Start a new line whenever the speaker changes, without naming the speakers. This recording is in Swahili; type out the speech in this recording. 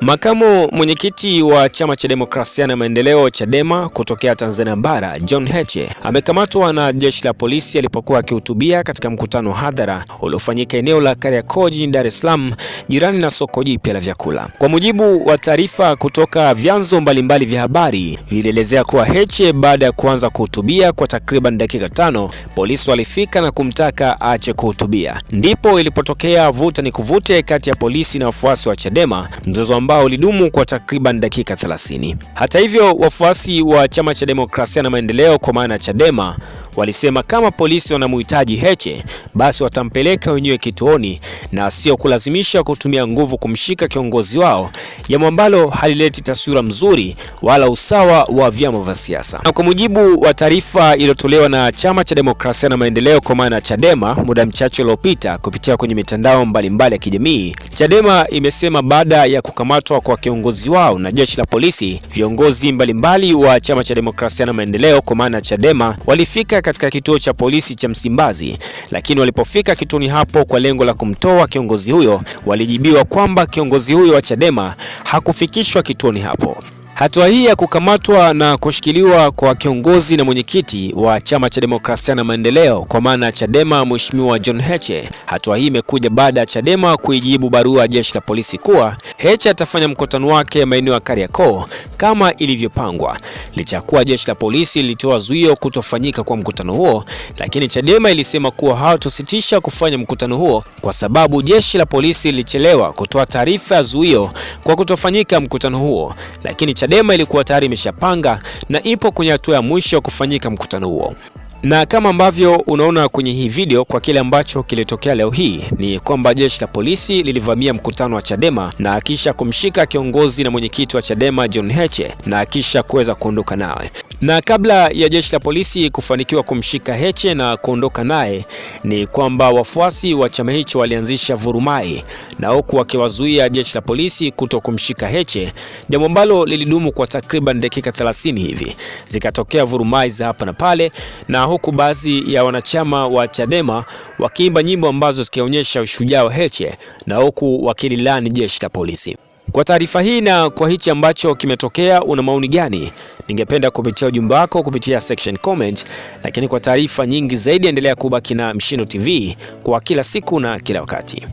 Makamu mwenyekiti wa chama cha demokrasia na maendeleo Chadema kutokea Tanzania bara John Heche amekamatwa na jeshi la polisi alipokuwa akihutubia katika mkutano hadhara uliofanyika eneo la Kariakoo jijini Dar es Salaam, jirani na soko jipya la vyakula. Kwa mujibu wa taarifa kutoka vyanzo mbalimbali vya habari, vilielezea kuwa Heche baada ya kuanza kuhutubia kwa takriban dakika tano, polisi walifika na kumtaka aache kuhutubia. Ndipo ilipotokea vuta ni kuvute kati ya polisi na wafuasi wa Chadema, mzozo ambao ambao ulidumu kwa takriban dakika 30. Hata hivyo, wafuasi wa chama cha demokrasia na maendeleo kwa maana ya Chadema Walisema kama polisi wanamuhitaji Heche basi watampeleka wenyewe kituoni na sio kulazimisha kutumia nguvu kumshika kiongozi wao, jambo ambalo halileti taswira mzuri wala usawa wa vyama vya siasa. Na kwa mujibu wa taarifa iliyotolewa na Chama cha Demokrasia na Maendeleo kwa maana Chadema muda mchache uliopita kupitia kwenye mitandao mbalimbali ya kijamii, Chadema imesema baada ya kukamatwa kwa kiongozi wao na jeshi la polisi, viongozi mbalimbali wa Chama cha Demokrasia na Maendeleo kwa maana Chadema walifika katika kituo cha polisi cha Msimbazi, lakini walipofika kituoni hapo kwa lengo la kumtoa kiongozi huyo, walijibiwa kwamba kiongozi huyo wa Chadema hakufikishwa kituoni hapo. Hatua hii ya kukamatwa na kushikiliwa kwa kiongozi na mwenyekiti wa chama cha demokrasia na maendeleo kwa maana Chadema, Mheshimiwa John Heche, hatua hii imekuja baada ya Chadema kuijibu barua ya jeshi la polisi kuwa Heche atafanya mkutano wake maeneo ya Kariakoo kama ilivyopangwa. Licha ya kuwa jeshi la polisi lilitoa zuio kutofanyika kwa mkutano huo, lakini Chadema ilisema kuwa hawatositisha kufanya mkutano huo kwa sababu jeshi la polisi lilichelewa kutoa taarifa ya zuio kwa kutofanyika mkutano huo, lakini Chadema ilikuwa tayari imeshapanga na ipo kwenye hatua ya mwisho ya kufanyika mkutano huo. Na kama ambavyo unaona kwenye hii video, kwa kile ambacho kilitokea leo hii ni kwamba jeshi la polisi lilivamia mkutano wa Chadema na kisha kumshika kiongozi na mwenyekiti wa Chadema John Heche na kisha kuweza kuondoka nawe na kabla ya jeshi la polisi kufanikiwa kumshika Heche na kuondoka naye, ni kwamba wafuasi wa chama hicho walianzisha vurumai na huku wakiwazuia jeshi la polisi kuto kumshika Heche, jambo ambalo lilidumu kwa takriban dakika 30 hivi. Zikatokea vurumai za hapa na pale, na huku baadhi ya wanachama wa Chadema wakiimba nyimbo ambazo zikionyesha ushujaa wa Heche na huku wakililani jeshi la polisi. Kwa taarifa hii na kwa hichi ambacho kimetokea, una maoni gani? Ningependa kupitia ujumbe wako kupitia section comment, lakini kwa taarifa nyingi zaidi endelea kubaki na Mshindo TV kwa kila siku na kila wakati.